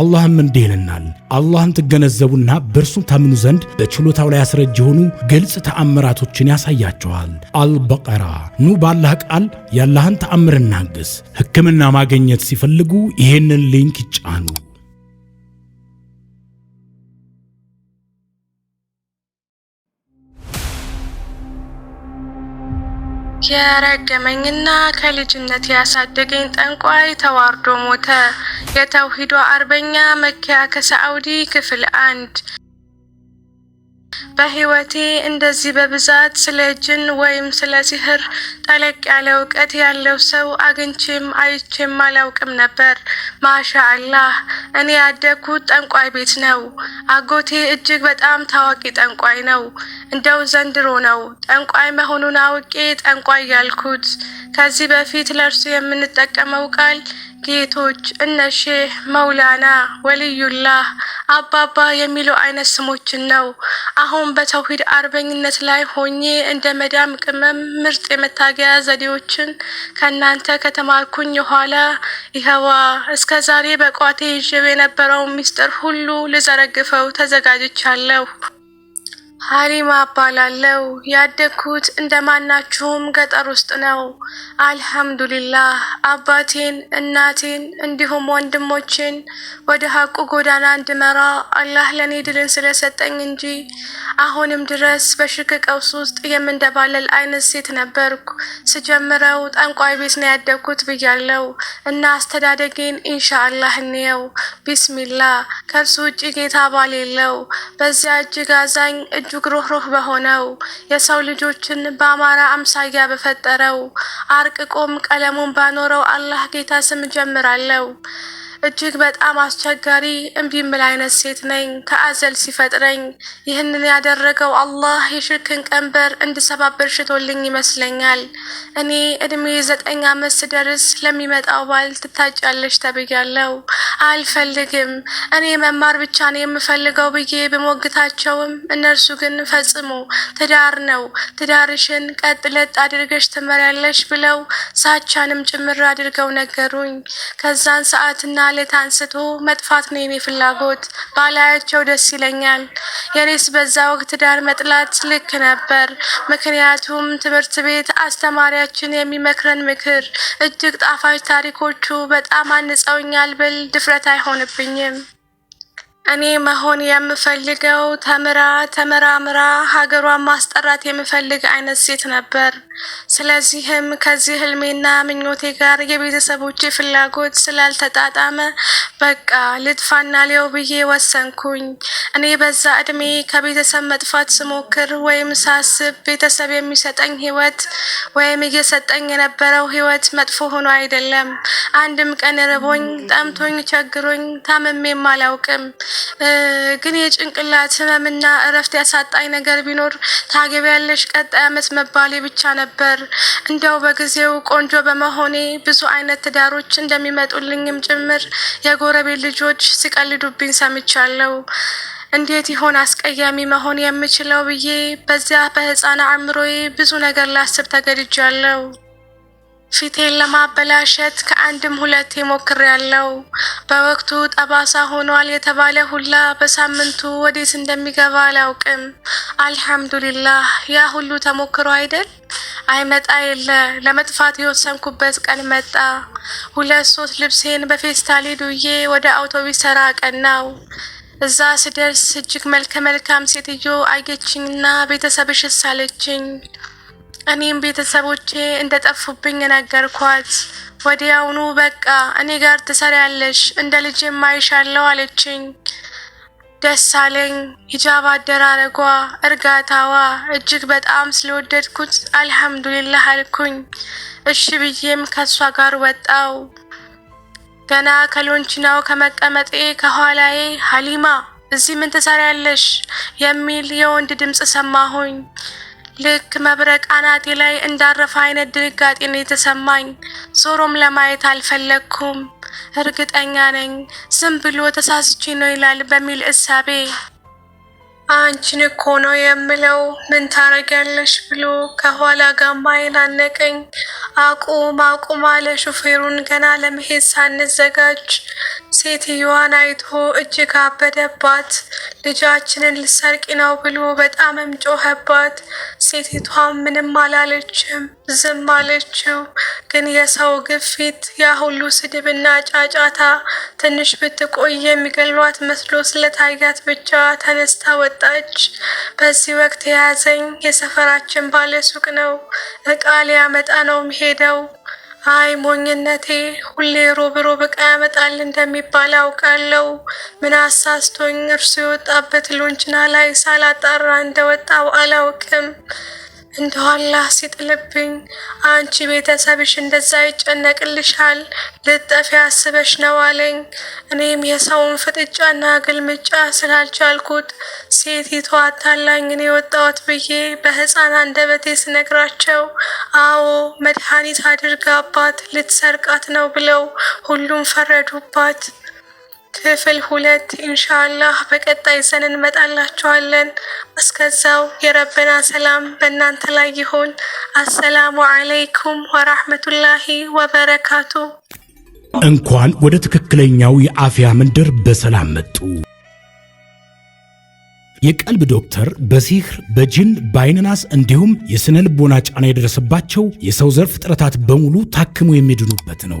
አላህም እንዲህ ይለናል፣ አላህን ትገነዘቡና በእርሱ ታምኑ ዘንድ በችሎታው ላይ አስረጅ የሆኑ ግልጽ ተአምራቶችን ያሳያቸዋል። አልበቀራ ኑ ባላህ ቃል ያላህን ተአምር እናግስ። ሕክምና ማግኘት ሲፈልጉ ይሄንን ሊንክ ይጫኑ። የረገመኝና ከልጅነት ያሳደገኝ ጠንቋይ ተዋርዶ ሞተ። የተውሂዶ አርበኛ መኪያ ከሳዑዲ ክፍል አንድ በህይወቴ እንደዚህ በብዛት ስለ ጅን ወይም ስለ ሲህር ጠለቅ ያለ እውቀት ያለው ሰው አግኝቼም አይቼም አላውቅም ነበር። ማሻ አላህ። እኔ ያደግኩት ጠንቋይ ቤት ነው። አጎቴ እጅግ በጣም ታዋቂ ጠንቋይ ነው። እንደው ዘንድሮ ነው ጠንቋይ መሆኑን አውቄ ጠንቋይ ያልኩት። ከዚህ በፊት ለእርሱ የምንጠቀመው ቃል ጌቶች እነሼ መውላና፣ ወልዩላህ አባባ የሚሉ አይነት ስሞችን ነው። አሁን በተውሂድ አርበኝነት ላይ ሆኜ እንደ መዳም ቅመም ምርጥ የመታገያ ዘዴዎችን ከእናንተ ከተማርኩኝ የኋላ ይኸዋ እስከ ዛሬ በቋቴ ይዤው የነበረው ሚስጥር ሁሉ ልዘረግፈው ተዘጋጅቻለሁ። ሀሊማ እባላለሁ። ያደግኩት እንደማናችሁም ገጠር ውስጥ ነው። አልሐምዱሊላህ አባቴን፣ እናቴን እንዲሁም ወንድሞቼን ወደ ሀቁ ጎዳና እንድመራ አላህ ለእኔ ድልን ስለሰጠኝ እንጂ አሁንም ድረስ በሽርክ ቀውስ ውስጥ የምንደባለል አይነት ሴት ነበርኩ። ስጀምረው ጠንቋይ ቤት ነው ያደግኩት ብያለው እና አስተዳደጌን ኢንሻአላህ እንየው። ቢስሚላህ ከእርሱ ውጭ ጌታ ባል የለው። በዚያ እጅግ አዛኝ እጅግ ሩህሩህ በሆነው የሰው ልጆችን በአማራ አምሳያ በፈጠረው አርቅቆም ቀለሙን ባኖረው አላህ ጌታ ስም ጀምራለው። እጅግ በጣም አስቸጋሪ እምቢ የምል አይነት ሴት ነኝ። ከአዘል ሲፈጥረኝ ይህንን ያደረገው አላህ የሽርክን ቀንበር እንድሰባበር ሽቶልኝ ይመስለኛል። እኔ እድሜ ዘጠኝ ዓመት ስደርስ ለሚመጣው ባል ትታጫለሽ ተብያለው። አልፈልግም። እኔ መማር ብቻ ነው የምፈልገው ብዬ ብሞግታቸውም እነርሱ ግን ፈጽሞ ትዳር ነው፣ ትዳርሽን ቀጥ ለጥ አድርገሽ ትመሪያለሽ ብለው ሳቻንም ጭምር አድርገው ነገሩኝ። ከዛን ሰዓትና ከማለት አንስቶ መጥፋት ነው የኔ ፍላጎት። ባላያቸው ደስ ይለኛል። የኔስ በዛ ወቅት ዳር መጥላት ልክ ነበር። ምክንያቱም ትምህርት ቤት አስተማሪያችን የሚመክረን ምክር እጅግ ጣፋጭ ታሪኮቹ በጣም አንጸውኛል ብል ድፍረት አይሆንብኝም። እኔ መሆን የምፈልገው ተምራ ተመራምራ ሀገሯን ማስጠራት የምፈልግ አይነት ሴት ነበር። ስለዚህም ከዚህ ህልሜና ምኞቴ ጋር የቤተሰቦቼ ፍላጎት ስላልተጣጣመ በቃ ልጥፋና ሊው ብዬ ወሰንኩኝ። እኔ በዛ እድሜ ከቤተሰብ መጥፋት ስሞክር ወይም ሳስብ ቤተሰብ የሚሰጠኝ ህይወት ወይም እየሰጠኝ የነበረው ህይወት መጥፎ ሆኖ አይደለም። አንድም ቀን ርቦኝ፣ ጠምቶኝ፣ ቸግሮኝ ታምሜም አላውቅም። ግን የጭንቅላት ህመምና እረፍት ያሳጣኝ ነገር ቢኖር ታገቢያለሽ ቀጣይ አመት መባሌ ብቻ ነበር። እንደው በጊዜው ቆንጆ በመሆኔ ብዙ አይነት ትዳሮች እንደሚመጡልኝም ጭምር የጎረቤት ልጆች ሲቀልዱብኝ ሰምቻለሁ። እንዴት ይሆን አስቀያሚ መሆን የምችለው ብዬ በዚያ በህፃን አእምሮዬ ብዙ ነገር ላስብ ተገድጃለሁ። ፊቴን ለማበላሸት ከአንድም ሁለቴ ሞክሬያለሁ። በወቅቱ ጠባሳ ሆኗል የተባለ ሁላ በሳምንቱ ወዴት እንደሚገባ አላውቅም። አልሐምዱሊላህ ያ ሁሉ ተሞክሮ አይደል? አይመጣ የለ ለመጥፋት የወሰንኩበት ቀን መጣ። ሁለት ሶስት ልብሴን በፌስታሌ ዱዬ ወደ አውቶቢስ ተራ ቀናው። እዛ ስደርስ እጅግ መልከ መልካም ሴትዮ አየችኝና ቤተሰብሽ ሳለችኝ። እኔም ቤተሰቦቼ እንደጠፉብኝ ነገርኳት። ወዲያውኑ በቃ እኔ ጋር ትሰሪያለሽ እንደ ልጅ የማይሻለው አለችኝ። ደሳለኝ ሂጃብ አደራረጓ፣ እርጋታዋ እጅግ በጣም ስለወደድኩት አልሐምዱሊላህ አልኩኝ። እሺ ብዬም ከሷ ጋር ወጣው። ገና ከሎንችናው ከመቀመጤ ከኋላዬ ሀሊማ እዚህ ምን ትሰሪያለሽ የሚል የወንድ ድምፅ ሰማሁኝ። ልክ መብረቅ አናቴ ላይ እንዳረፈ አይነት ድንጋጤ ነው የተሰማኝ። ዞሮም ለማየት አልፈለግኩም። እርግጠኛ ነኝ ዝም ብሎ ተሳስቼ ነው ይላል በሚል እሳቤ አንቺን እኮ ነው የምለው ምን ታረጊያለሽ ብሎ ከኋላ ጋማ አናነቀኝ። አቁም አቁም አለ ሹፌሩን። ገና ለመሄድ ሳንዘጋጅ ሴትየዋን አይቶ እጅግ አበደባት። ልጃችንን ልሰርቂ ነው ብሎ በጣምም ጮኸባት። ሴቲቷም ምንም አላለችም፣ ዝም አለችው። ግን የሰው ግፊት፣ ያ ሁሉ ስድብና ጫጫታ ትንሽ ብትቆይ የሚገሏት መስሎ ስለታያት ብቻ ተነስታ ወጣች። በዚህ ወቅት የያዘኝ የሰፈራችን ባለሱቅ ነው። እቃ ሊያመጣ ነው የሚሄደው አይ ሞኝነቴ፣ ሁሌ ሮብ ሮብ ያመጣል እንደሚባል አውቃለሁ። ምን አሳስቶኝ እርሱ የወጣበት ሎንችና ላይ ሳላጣራ እንደወጣው አላውቅም። እንደው አላህ ሲጥልብኝ አንቺ ቤተሰብሽ እንደዛ ይጨነቅልሻል ልጠፊ አስበሽ ነው አለኝ። እኔም የሰውን ፍጥጫና ግልምጫ ስላልቻልኩት ሴቲቱ አታላኝ እኔ ወጣሁት ብዬ በህፃን አንደበቴ ስነግራቸው አዎ መድኃኒት አድርጋባት ልትሰርቃት ነው ብለው ሁሉም ፈረዱባት። ክፍል ሁለት ኢንሻአላህ በቀጣይ ይዘን እንመጣላችኋለን። እስከዛው የረበና ሰላም በእናንተ ላይ ይሁን። አሰላሙ አለይኩም ወራህመቱላሂ ወበረካቱ። እንኳን ወደ ትክክለኛው የአፍያ መንደር በሰላም መጡ። የቀልብ ዶክተር በሲህር በጅን በአይንናስ እንዲሁም የስነ ልቦና ጫና የደረሰባቸው የሰው ዘር ፍጥረታት በሙሉ ታክሞ የሚድኑበት ነው።